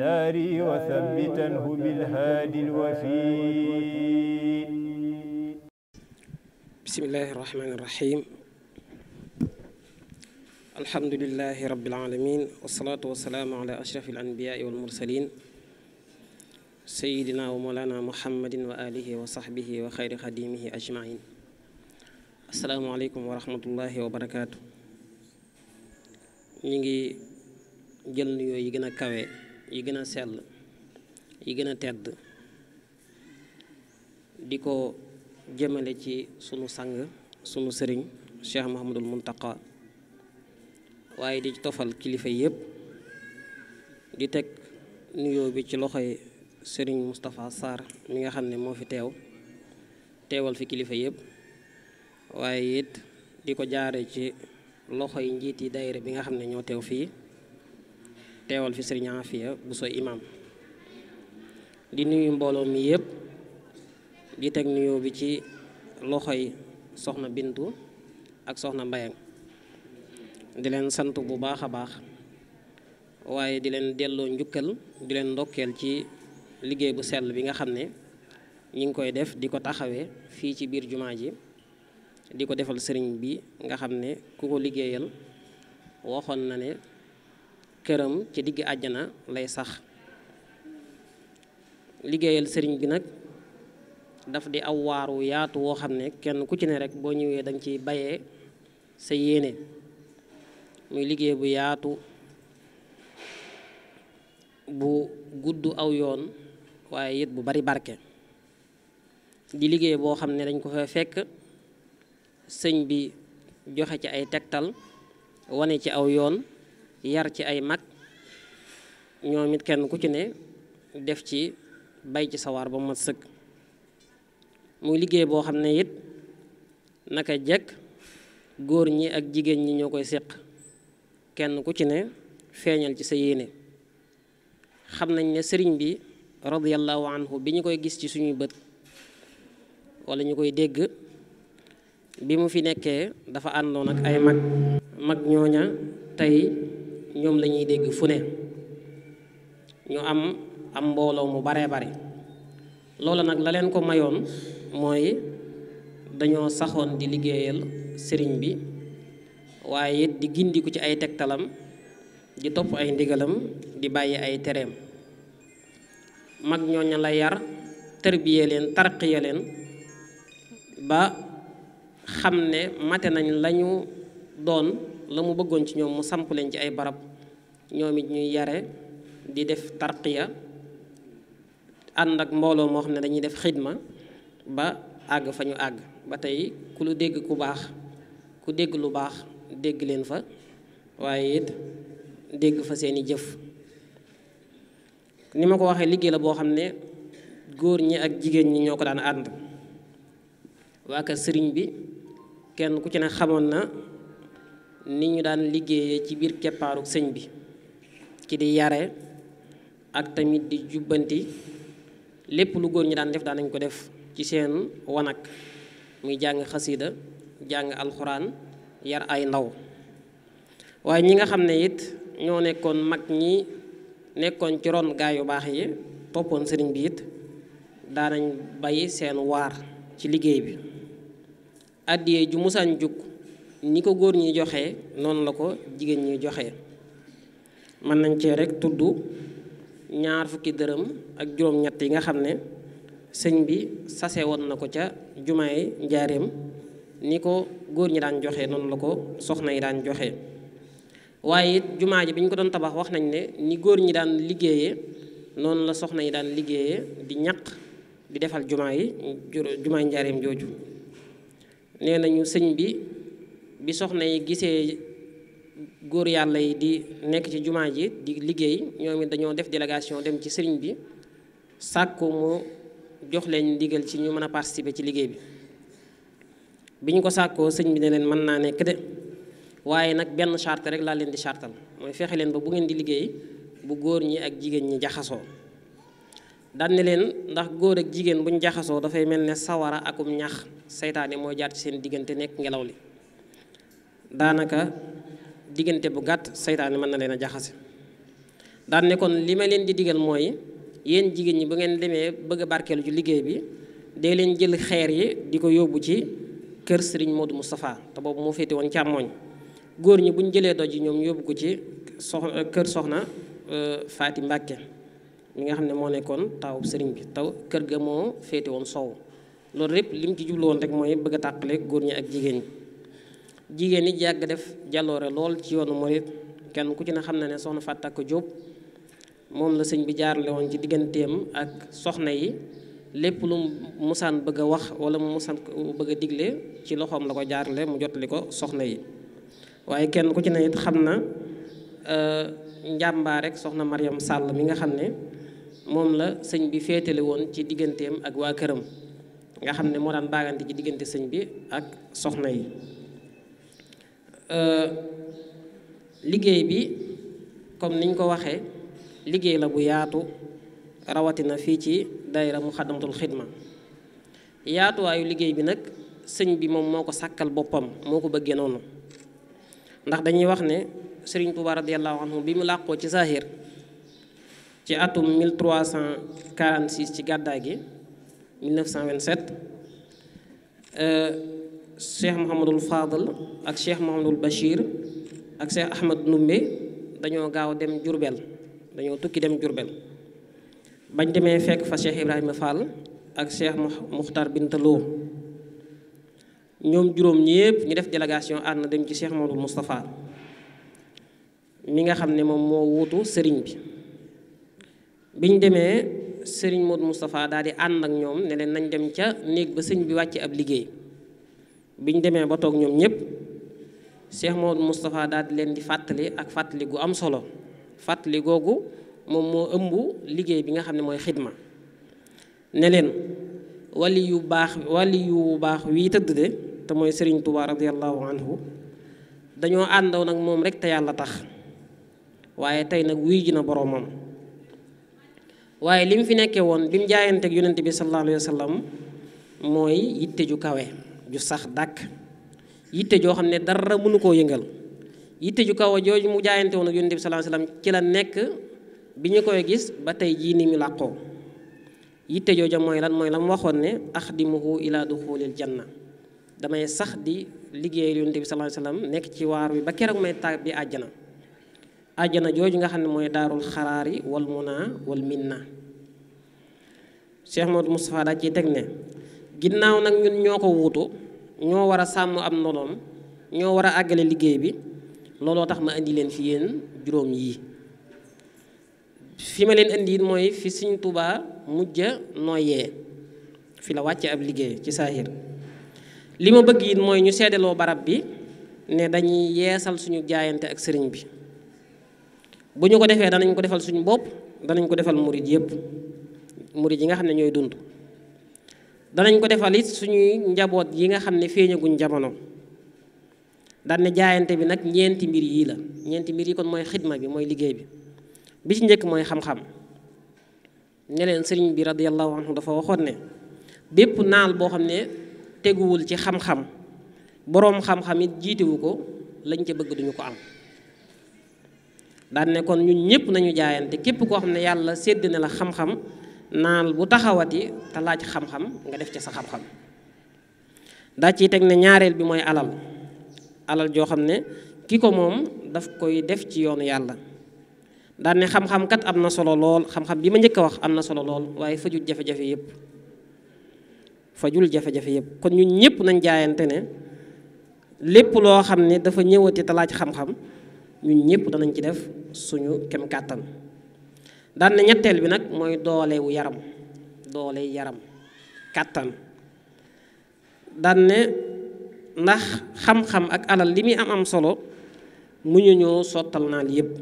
داري وثبتنه بالهادي الوفي بسم الله الرحمن الرحيم الحمد لله رب العالمين والصلاة والسلام على أشرف الأنبياء والمرسلين سيدنا ومولانا محمد وآله وصحبه وخير خديمه أجمعين السلام عليكم ورحمة الله وبركاته نيجي جل نيو يغنا كاوي yi gën a sell yi gën a tedd di ko jëmale ci sunu sang sunu sëriñ Cheikh Mahamadul Muntaqa waaye di tofal kilifa yépp di teg nuyoo bi ci loxo yi sëriñ Moustapha Sarr mi nga xam ne moo fi teew teewal fi kilifa yépp waaye it di ko jaare ci loxo loxoy njiit yi daayira bi nga xam ne ñoo teew fii teewal fi sëriñ Afia Bousso imam di nuyu mbooloo mi yépp di teg nuyoo bi ci loxoy soxna Bintu ak soxna Mbayang di leen sant bu baax a baax waaye di leen delloo njukkal di leen ndokkeel ci liggéey bu sell bi nga xam ne ñi ngi koy def di ko taxawe fii ci biir jumaa ji di ko defal sëriñ bi nga xam ne ku ko liggéeyal waxoon na ne këram ci digg àjjana lay sax liggéeyal sëriñ bi nag daf di aw waar wu yaatu woo xam ne kenn ku ci ne rek boo ñëwee danga nga ciy bayee sa yéene muy liggéey bu yaatu bu gudd aw yoon waaye it bu bari barke di liggéey boo xam ne dañ ko fa fekk sëñ bi joxe ci ay tegtal wane ci aw yoon yar ci ay mag ñoom it kenn ku ci ne def ci bay ci sawar ba mu mat sëkk muy liggéey boo xam ne it naka jekk góor ñi ak jigéen ñi ñoo koy séq kenn ku ci ne feeñal ci sa yéene xam nañ ne sëriñ bi radiyallahu anhu bi ñu koy gis ci suñuy bët walla ñu koy dégg bi mu fi nekkee dafa àndoon ak ay mag mag ñooña tey ñoom lañuy dégg fu ne ñu am am mbooloo mu baree bari loola nag la leen ko mayoon mooy dañoo saxoon di liggéeyal sëriñ bi waaye it di gindiku ci ay tegtalam di topp ay ndigalam di bàyyi ay tereem mag ñooñ la yar tërbiye leen tarqiya leen ba xam ne mate nañ lañu doon la mu bëggoon ci ñoom mu samp leen ci ay barab ñoom it ñuy yare di def tarqiya ànd ak mbooloo moo xam ne dañuy def xidma ba àgg fa ñu àgg ba tey ku lu dégg ku baax ku dégg lu baax dégg leen fa waaye it dégg fa seeni jëf ni ma ko waxee liggéey la boo xam ne góor ñi ak jigéen ñi ñoo ko daan ànd waa kër sëriñ bi kenn ku ci ne xamoon na ni ñu daan liggéeyee ci biir keppaaru sëñ bi ki di yare ak tamit di jubbanti lépp lu góor ñi daan def daan nañ ko def ci seen wanag muy jàng xasida jàng alxuraan yar ay ndaw waaye ñi nga xam ne it ñoo nekkoon mag ñi nekkoon ci ron gaa yu baax yi toppoon sëriñ bi it daanañ bay seen waar ci liggéey bi àddiyee ju musaan jukk ni ko góor ñi joxe noonu la ko jigéen ñi joxe mën nañ cee rekk tudd ñaar fukki dërëm ak juróom-ñett yi nga xam ne sëñ bi sase woon na ko ca yi njaareem ni ko góor ñi daan joxe noonu la ko soxna yi daan joxe waaye it jumaa ji bi ñu ko doon tabax wax nañ ne ni góor ñi daan liggéeye noonu la soxna yi daan liggéeyee di ñaq di defal jumaa yi jumaay njaareem jooju nee nañu sëñ bi bi soxna yi gisee góor yàlla yi di nekk ci jumaa ji di liggéey ñoom it dañoo def délégation dem ci sëriñ bi sàkku mu jox leen ndigal ci ñu mën a participer ci liggéey bi bi ñu ko sàkkoo sëriñ bi ne leen mën naa nekk de waaye nag benn charte rek laa leen di chartal mooy fexe leen ba bu ngeen di liggéey bu góor ñi ak jigéen ñi jaxasoo daan leen ndax góor ak jigéen buñ jaxasoo dafay mel ne sawara akum ñax seytaane mooy jaar ci seen diggante nekk ngelaw li daanaka diggante bu gàtt seytaane mën na leen a jaxase daan ne kon li ma leen di digal mooy yéen jigéen ñi ba ngeen demee bëgg a barkeelu ci liggéey bi dee leen jël xeer yi di ko yóbbu ci kër Serigne Modou Moustapha te boobu moo féete woon càmmooñ góor ñi bu ñu jëlee doj yi ñoom yóbbu ko ci soxna kër soxna euh, Faati Mbàkke mi nga xam ne moo nekkoon taw sëriñ bi taw kër ga moo féete woon sow loolu lépp li mu ci jublu woon rek mooy bëgg a tàqale góor ñi ak jigéen ñi jigéen ñi jàgg def jaloore lool ci yoonu murit kenn ku ci ne xam na ne soxna Fatou Tacko Diop moom la sëñ bi jaarale woon ci digganteem ak soxna yi lépp lu musaan bëgg wax wala mu bëgg a digle ci loxoom la ko jaarale mu jotali ko soxna yi waaye kenn ku ci na it xam na euh, njàmbaa rek soxna Mariam sàll mi nga xam ne moom la sëñ bi féetale woon ci digganteem ak waa këram nga xam ne moo daan baagante ci diggante sëñ bi ak soxna yi Euh, liggéey bi comme niñ ko waxee liggéey la bu yaatu rawatina fii ci daayira Muxaddamatul Xidma yaatuwaayu liggéey bi nag sëñ bi moom moo ko sàkkal boppam moo ko bëggee noonu ndax dañuy wax ne Sëriñ Tuuba radiyallahu anhu bi mu làqoo ci saaxiir ci atum 1346 ci gàddaay gi 1927 cheikh Mouhamadul Fadal ak cheikh Mouhamadul Bachir ak cheikh Ahmad Numbe dañoo gaaw dem Jurbel dañoo tukki dem Jurbel bañ demee fekk fa cheikh Ibrahima Fall ak cheikh Muxtar Bintaloo ñoom juróom ñépp ñu def délégation ànd dem ci cheikh Mouhamadul Moustapha mi nga xam ne moom moo wuutu sëriñ bi biñ demee sëriñ Modou Moustapha daal ànd ak ñoom ne leen nañ dem ca néeg ba sëñ bi wàcce ab liggéey. bi ñu demee ba toog ñoom ñëpp Cheikh Maodo Moustapha daal di leen di fàttali ak fàttali gu am solo fàttali googu moom moo ëmb liggéey bi nga xam ne mooy xidma ne leen wali yu baax wali yu baax wii tëdd de te mooy sëriñ Touba radiallahu anhu dañoo àndaw nag moom rek te yàlla tax waaye tey nag wuy ji na boroomam waaye li mu fi nekkee woon bi mu jaayanteeg yonent bi sallallahu alayhi wa sallam mooy yitte ju kawe. ju sax dàkk yitte joo xam ne dara mënu koo yëngal yitte ju kaw a jooju mu jaayante woon ak yonent bi sallallahu ci la nekk bi ñu koy gis ba tey jii ni ñu làqoo yitte jooja mooy lan mooy la mu waxoon ne ax axdimuhu ila jan na damay sax di liggéeyal yonent bi sallallahu alayhi nekk ci waar wi ba keroog may tàbb bi àjjana àjjana jooju nga xam ne mooy daarul xaraari wal munaa wol minna Cheikh Modou Moustapha daa ci teg ne ginnaaw nag ñun ñoo ko wuutu ñoo war a sàmm am ndonoom ñoo war a àggale liggéey bi looloo tax ma indi leen fi yéen juróom yii fi ma leen indi it mooy fi Sëñ Tuubaa mujj nooyee fi la wàcce ab liggéey ci saahir li ma bëgg it mooy ñu seedeloo barab bi ne dañuy yeesal suñu jaayante ak sëriñ bi bu ñu ko defee danañ ko defal suñu bopp danañ ko defal murid yëpp murid yi nga xam ne ñooy dund danañ ko defal suñuy njaboot yi nga xam ne feeñaguñ jamono daan jaayante bi nag ñeenti mbir yii la ñeenti mbir yi kon mooy xidma bi mooy liggéey bi bi ci njëkk mooy xam-xam ne leen sëriñ bi radiyallahu anhu dafa waxoon ne bépp naal boo xam ne teguwul ci xam-xam boroom xam-xam it jiitewu ko lañ ca bëgg duñu ko am daan ne kon ñun ñëpp nañu jaayante képp koo xam ne yàlla sedd na la xam-xam naan bu taxawati te laaj xam-xam nga def ci sa xam-xam daa ci teg ne ñaareel bi mooy alal alal joo xam ne ki ko moom daf koy def ci yoonu yàlla daan ne xam-xam kat am na solo lool xam-xam bi ma njëkk a wax am na solo lool waaye fajul jafe-jafe yëpp fajul jafe-jafe yëpp kon ñu ñëpp nañ jaayante ne lépp loo xam ne dafa ñëwati te laaj xam-xam ñun ñëpp danañ ci def suñu kem kàttan daan ñetteel bi nag mooy doolewu yaram doole yaram kàttan daan ndax xam-xam ak alal li muy am am solo mu ñu ñoo sottal naal yëpp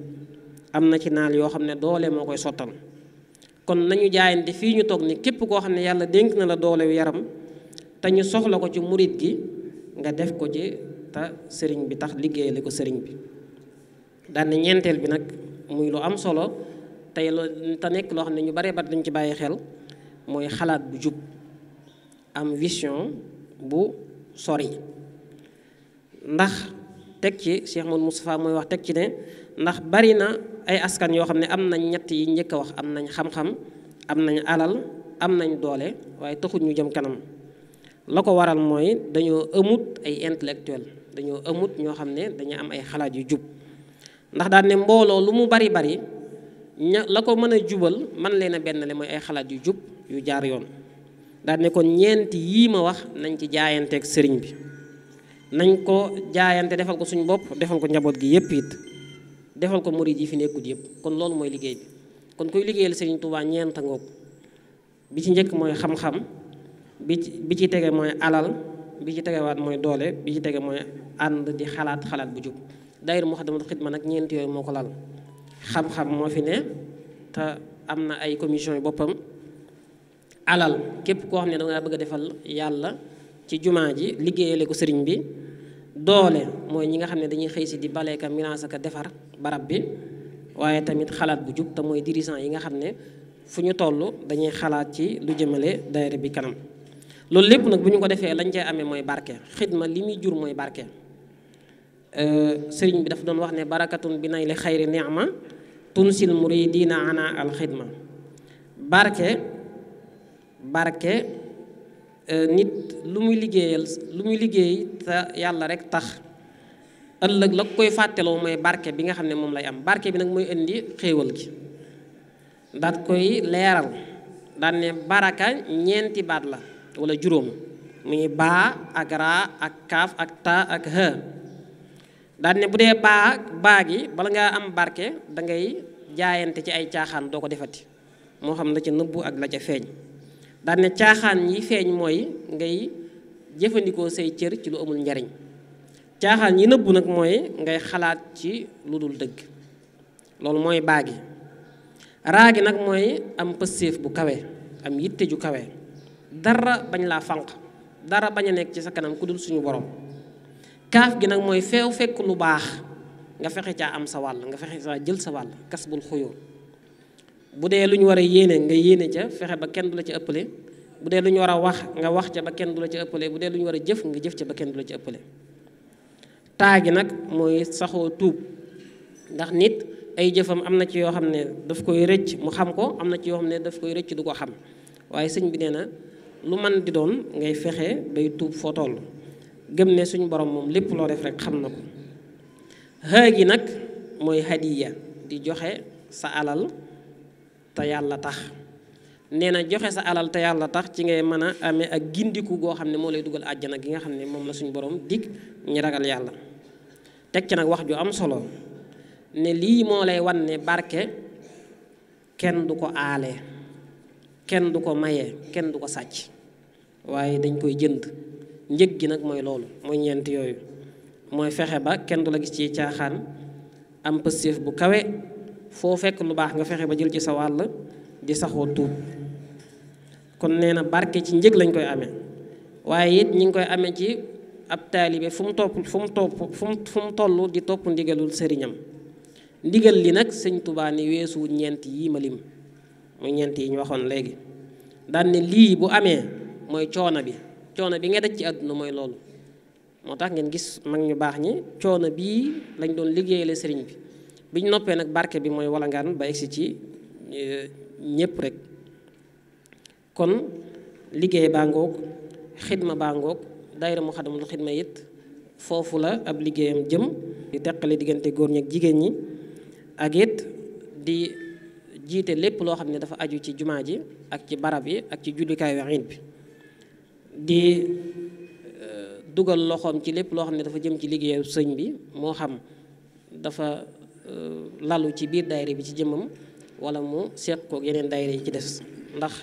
am na ci naal yoo xam ne doole moo koy sottal kon nañu jaayante fii ñu toog ni képp koo xam ne yàlla dénk na la doolewu yaram te ñu soxla ko ci murit gi nga def ko ci te sëriñ bi tax liggéeyale ko sëriñ bi daan ne ñeenteel bi nag muy lu am solo tey loo te nekk loo xam ne ñu baree bari dañ ci bàyyi xel mooy xalaat bu jub am vision bu sori ndax teg ci Cheikh Modou Moustapha mooy wax teg ci ne ndax bari na ay askan yoo xam ne am nañ ñett yi njëkk a wax am nañ xam-xam am nañ alal am nañ doole waaye taxul ñu jëm kanam la ko waral mooy dañoo ëmut ay intellectuel dañoo ëmut ñoo xam ne dañoo am ay xalaat yu jub ndax daal ne mbooloo lu mu bari bari ña la ko mën a jubal man leen a benn le mooy ay xalaat yu jub yu jaar yoon daal ne kon ñeenti yii ma wax nañ ci jaayanteeg sëriñ bi nañ ko jaayante defal ko suñu bopp defal ko njaboot gi yëpp it defal ko murid yi fi nekkut yëpp kon loolu mooy liggéey bi kon kuy liggéeyal sëriñ Tuubaa a ngoog bi ci njëkk mooy xam-xam bi ci bi ci tege mooy alal bi ci tegewaat mooy doole bi ci tege mooy ànd di xalaat xalaat bu jub daayira Muxaddamatul Xidma nag ñeenti yooyu moo ko lal xam-xam moo fi ne te am na ay commission yu boppam alal képp koo xam ne da nga bëgg a defal yàlla ci jumaa ji liggéeyale ko sëriñ bi doole mooy ñi nga xam ne dañuy xëy si di baleeka minaas ak defar barab bi waaye tamit xalaat bu jub te mooy dirigeant yi nga xam ne fu ñu toll dañuy xalaat ci lu jëmale daayira bi kanam loolu lépp nag bu ñu ko defee lañ cay amee mooy barke xidma li muy jur mooy barke euh, sëriñ bi dafa doon wax ne barakatun bi nay li xayri ni'ma mu tunsil muridina ana alxidma barke barke eh, nit lu muy liggéeyal lu muy liggéey te yàlla rek tax ëllëg la koy fàtteloo mooy barke bi nga xam ne moom lay am barke bi nag mooy indi xéewal gi daat koy leeral daan ne baraka ñeenti baat la wala juróom muy baa ak raa ak kaaf ak taa ak ha daal ne bu dee baa baa gi bala ngaa am barke dangay ngay jaayante ci ay caaxaan doo ko defati moo xam la ca nëbbu ak la ca feeñ daal ne caaxaan yi feeñ mooy ngay jëfandikoo say cër ci amul njariñ caaxaan yi nëbbu nag mooy ngay xalaat ci lu dul dëgg loolu mooy baagi raagi nag mooy am pëstéef bu kawe am yitte ju kawe dara bañ laa fanq dara bañ a nekk ci sa kanam ku dul suñu borom kaaf gi nag mooy feew fekk lu baax nga fexe caa am sa wàll nga fexe caa jël sa wàll kas bul xuyóor bu dee lu ñu war a yéene nga yéene ca fexe ba kenn du la ca ëppale bu dee lu ñu war a wax nga wax ca ba kenn du la ca ëppale bu dee lu ñu war a jëf nga jëf ca ba kenn du la ca ëppale taa gi nag mooy saxoo tuub ndax nit ay jëfam am na ci yoo xam ne daf koy rëcc mu xam ko am na ci yoo xam ne daf koy rëcc du ko xam waaye sëñ bi nee na lu man di doon ngay fexe bay tuub foo toll gëm ne suñu boroom moom lépp loo def rek xam na ko xëy nag mooy hadiya di joxe sa alal te yàlla tax nee na joxe sa alal te yàlla tax ci ngay mën a amee ak gindiku goo xam ne moo lay dugal àjjana gi nga xam ne moom la suñu boroom dig ñu ragal yàlla teg ci nag wax ju am solo ne lii moo lay wan ne barke kenn du ko aale kenn du ko maye kenn du ko sàcc waaye dañ koy jënd njëg gi nag mooy loolu mooy ñeent yooyu mooy fexe ba kenn du la gis ci caaxaan am pëstéef bu kawe foo fekk lu baax nga fexe ba jël ci sa wàll di saxoo tuub kon nee na barke ci njëg lañ koy amee waaye it ñi ngi koy amee ci ab taalibe fu topp fu mu topp fu mu fu mu toll di topp ndigalul sëriñam ndigal li nag sëñ Tuubaa weesu ñeent yi ma lim muy ñeent yi waxoon léegi daan lii bu amee mooy coono bi coono bi nga daj ci àdduna mooy loolu moo tax ngeen gis mag ñu baax ñi coono bii lañ doon liggéeyale sëriñ bi biñ noppee nag barke bi mooy walangaan ba egsi ci e, ñépp rek kon liggéey baa ngoog xidma baa ngoog daayira mu xadamatul xidma it foofu la ab liggéeyam jëm di teqale diggante góor ñi ak jigéen ñi ak it di jiite lépp loo xam ne dafa aju ci jumaa ji ak ci barab yi ak ci jullikaay waxiit bi di eh, dugal loxoom ci lépp loo xam ne dafa jëm ci liggéeyu sëñ bi moo xam dafa eh, lalu ci biir daayira bi ci jëmmam wala mu seet kook yeneen daayira yi ci des ndax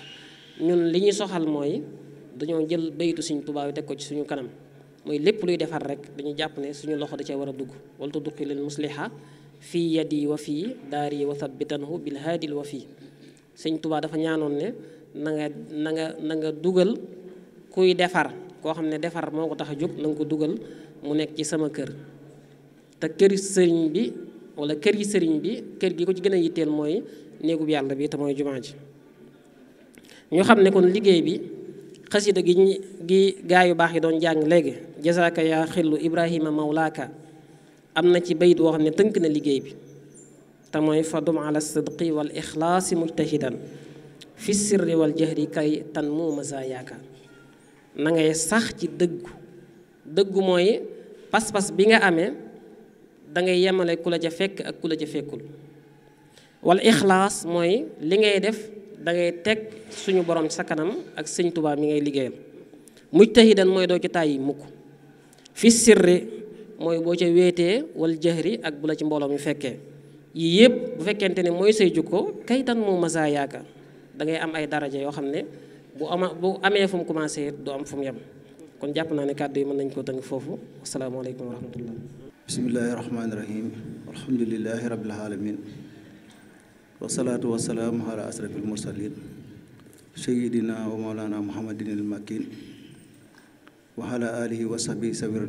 ñun li ñuy soxal mooy dañoo jël bayitu suñ tubaab yi teg ko ci suñu kanam mooy lépp luy defar rek dañu jàpp ne suñu loxo da cee war a dugg wala tudduqi leen musliha fii yadi wa fii daari wa thabbitanhu bil fii sëñ tubaa dafa ñaanoon ne nanga nanga na dugal kuy defar koo xam ne defar moo ko tax a jóg na ko dugal mu nekk ci sama kër te kër sëriñ bi wala kër yi sëriñ bi kër gi ko ci gën a yitteel mooy néegub yàlla bi te mooy jumaa ji ñu xam ne kon liggéey bi xasida gi gi gaa yu baax yi doon jàng léegi jasaaka yaa xillu ibrahima mawlaaka am na ci bayit woo xam ne tënk na liggéey bi te mooy fadum ala sidqi wal ixlaasi mujtahidan fi sirri wal jahri kay tan mu masaa yaakaar nangay sax ci dëggu dëggu mooy pas-pas bi nga amee dangay yemale ku la ca fekk ak ku la ca fekkul wala ixlaas mooy li ngay def dangay teg suñu borom sa kanam ak sëñ Tuubaa mi ngay liggéeyal mujtahidan mooy doo ci tàyyi mukk fi sirri mooy boo ca wéetee wal jahri ak bula ci mbooloo mi fekkee yii yëpp bu fekkente ne mooy say jukko kaytan moo masaa yaakaar da ngay am ay daraja yoo xam ne bu ama bu amee fu mu du am fu mu kon jàpp naa ne kàddu yi mën nañ koo tënk foofu asalaamaaleykum wa rahmatullah bismillahi rahmaani rahim alhamdulilahi rabbil alamin wasalaatu wasalaamu ala asrafil mursalin sayidina wa maulana muhammadin al wa ala alihi wa sahbihi sawi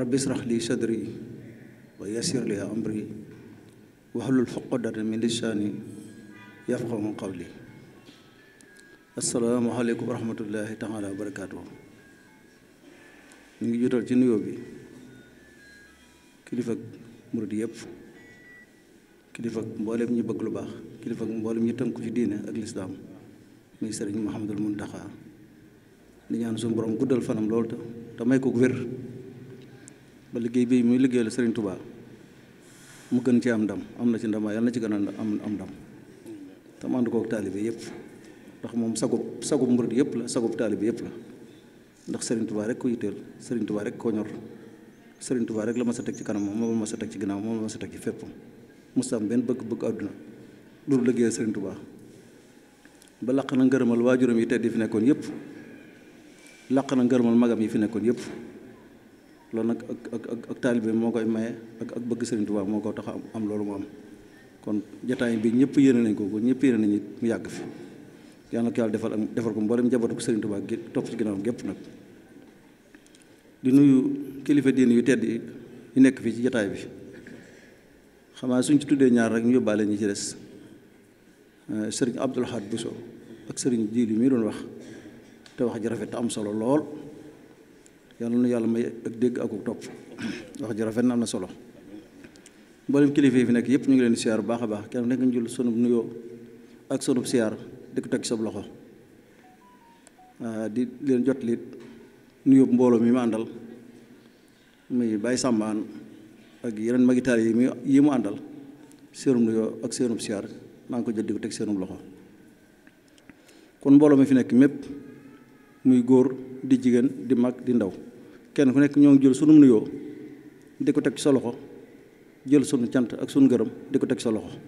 rabbi israh li sadri wa yassir amri wahlul uqdatan min lisani yafqahu qawli asalaamaaleykum wa rahmatullahi taala wa barakaatu ñu ngi jotal ci nuyoo bi kilifa murid yëpp kilifa mboolem ñu bëgg lu baax kilifa mboolem ñu tënku ci diine ak lislaam muy sëriñ Muhammadul Muntaxa di ñaan suñu borom guddal fanam loolu te may ko wér ba liggéey bi muy liggéeyal sëriñ Tubaa mu gën ci am ndam am na ci ndam waaye yàlla na ci gën a am am ndam te mu ànd koog ndax moom sagub sagub murid yëpp la sagub taalib yëpp la ndax Serigne Touba rek ko yitteel Serigne Touba rek koo ñor Serigne Touba rek la ma sa teg ci kanam moom la ma sa teg ci ginnaaw moom la ma sa teg ci fépp musta bëgg-bëgg àdduna loolu liggéeyal Serigne Touba ba laq na ngërëmal waajuram yi te di fi nekkoon yëpp laq na ngërëmal magam yi fi nekkoon yëpp loolu nag ak ak ak ak taalibe moo koy maye ak ak bëgg Serigne Touba moo ko tax am loolu mu am kon jotaay bi ñëpp yéene nañ ko ñëpp yéene mu yàgg fi. yàlla na ko yàlla defal am defal ko mboolem njabootu ko Sëriñ Tuubaa gi topp ci ginnaawam gépp nag di nuyu kilifa diine yu tedd yi nekk fii ci jataay bi xamaa suñ ci tuddee ñaar rek ñu yóbbaale ñu ci des eh, sëriñ Abdul Ahad Bousso ak sëriñ Jiili mii doon wax te wax ji rafet am solo lool yàlla nu yàlla may ak dégg ak topp wax ji rafet na am na solo mboolem kilifa yi fi nekk yëpp ñu ngi leen di siyaar bu baax a baax kenn nekk njul sunub nuyoo ak sunub siyaar di ko teg sa loxo ah, di leen jot lit nuyu mbooloo mi mu àndal muy bàyyi sàmbaan ak yeneen magitaal yi mu yi mu àndal seenum nuyoo ak seenum siyaar maa ngi ko jot di ko teg seenum loxo kon mbooloo mi fi nekk mépp muy góor di jigéen di mag di ndaw kenn ku nekk ñoo ngi jël sunu nuyoo di ko teg sa loxo jël sunu cant ak sunu gërëm di ko teg sa loxo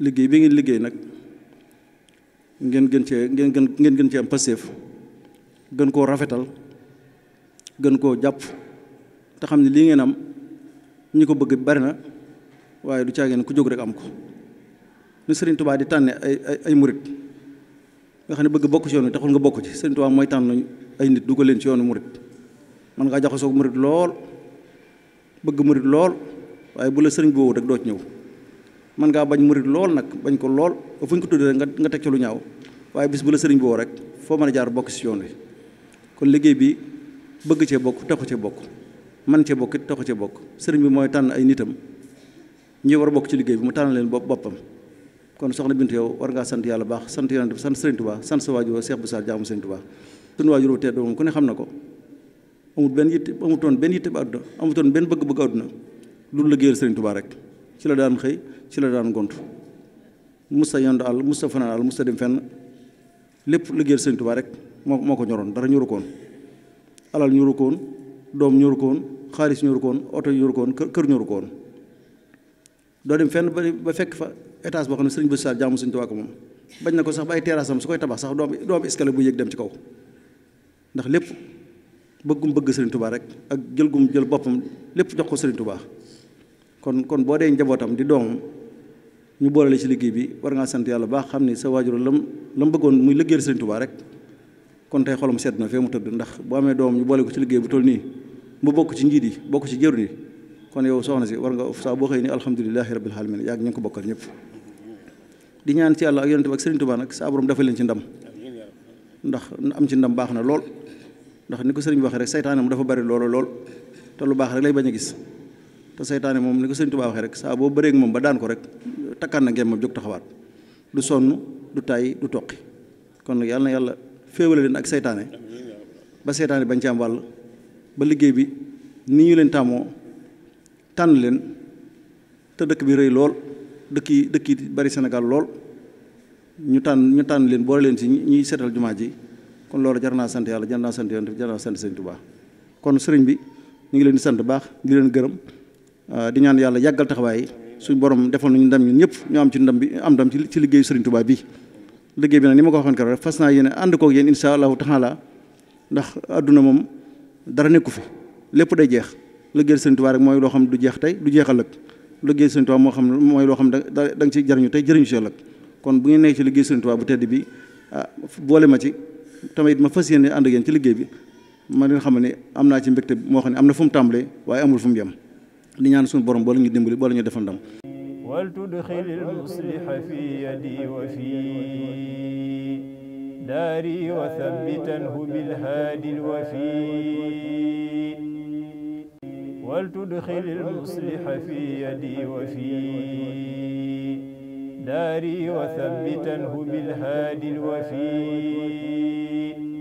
liggéey bi ngeen liggéey nag ngeen gën cee ngeen gën ngeen gën cee am pastéef gën koo rafetal gën koo jàpp te xam ne lii ngeen am ñi ko bëgg bari na waaye du caageen ku jóg rek am ko ni Serigne Touba di tànne ay ay ay murit nga xam ne bëgg bokk ci yoon wi taxul nga bokk ci Serigne Touba mooy tànn ay nit dugal leen ci yoonu murit man ngaa jaxasoo murit lool bëgg murit lool waaye bu la sëriñ boobu rek doo ñëw man ngaa bañ murit lool nag bañ ko lool ba fu ñu ko tuddee nga nga teg ca lu ñaaw waaye bis bu la sëriñ bi woo rek foo mën a jaar bokk ci yoon wi kon liggéey bi bëgg cee bokk taxu cee bokk man cee bokk taxu cee bokk sëriñ bi mooy tànn ay nitam ñi war bokk ci liggéey bi mu tànn leen bopp boppam kon soxna Bintu yow war ngaa sant yàlla baax sant yonent bi sant sëriñ Tuubaa sant sa waajur Seex bu Saar jaamu sëriñ Tuubaa sunu waajur tedd moom ku xam na ko amut benn yitte amutoon benn yitte ba àdduna amutoon benn bëgg-bëgg àdduna lu liggéeyal sëriñ Tuubaa rek ci la daan xëy ci la daan gont musta yendu àll sa fanaan àll musta dem fenn lépp liggéeyal sëñ Tuubaa rek moo moo ko ñoroon dara ñoru koon alal ñoru koon doom ñoru koon xaalis ñoru oto ñoru koon kër ñoru koon doo dem fenn ba fekk fa étage boo xam ne sëriñ Bassirou Sall jaamu sëñ Tuubaa ko moom bañ na ko sax ba ay terrasse su koy tabax sax doo am doo am escalier bu yéeg dem ci kaw ndax lépp bëggum bëgg sëriñ Tuubaa rek ak jël gum jël boppam lépp jox ko sëriñ kon kon boo dee njabootam di doomam ñu boole la ci liggéey bi war ngaa sant yàlla baax xam ni sa waajur la lam bëggoon muy liggéeyal Sëriñ Tuubaa rek kon tey xolom sedd na fee mu tëdd ndax boo amee doomam ñu boole ci liggéey bi toll nii mu bokk ci njiit yi bokk ci jëru ni kon yow soxna si war nga saa boo xëy ni alhamdulilahi rabbil alamin yaa ngi ñu ko bokkal ñëpp di ñaan ci yàlla ak yonent bi ak Sëriñ Tuubaa nag saa borom dafa leen ci ndam ndax am ci ndam baax na lool ndax ni ko sëriñ bi waxee rek saytaane mu dafa bari lool lool te lu baax rek lay bañ a gis te seytaane moom ni ko sëñ Tuubaa waxee rek saa boo bëreeg moom ba daan ko rek takkaan na ngeen ma jóg taxawaat du sonn du tàyyi du toqi kon nag yàlla na yàlla féewale leen ak seytaane ba seytaane bañ ci am wàll ba liggéey bi ni ñu leen tàmmoo tànn leen te dëkk bi rëy lool dëkk yi dëkk yi bari Sénégal lool ñu tànn ñu tànn leen boole leen si ñuy seetal jumaa ji kon loolu jar naa sant yàlla jar naa sant yoon jar naa sant sëñ kon sëriñ bi ñu ngi leen di sant baax di leen gërëm Euh, di ñaan yàlla yàggal taxawaay su borom defal nañu ndam ñun ñëpp ñu am ci ndam bi am ndam ci liggéey Serigne Touba bi liggéey bi nag ni ma ko waxoon keroog fas naa yéene ànd koog yéen insha allahu taala ndax adduna moom dara nekku fi lépp day jeex liggéey Serigne Touba mooy loo xam du jeex tey du jeex ëllëg liggéey Serigne moo xam mooy loo xam da da nga ci jariñu tey jëriñu si ëllëg kon bu ngeen nekk ci liggéey Serigne Touba bu tedd bi ah boole ma ci tamit ma fas yéene ànd ak ci liggéey bi ma leen xam ne am naa ci mbégte moo xam ne am na fu mu tàmbalee waaye amul fu mu yem di ñaan suñu borom boole ñu dimbali boole ñu defal ndam wal tudxilil musliha fi yadi wa fi daari wa thabbitanhu bil haadil wafi wal tudxilil musliha fi yadi wa fi daari wa thabbitanhu bil haadil wafi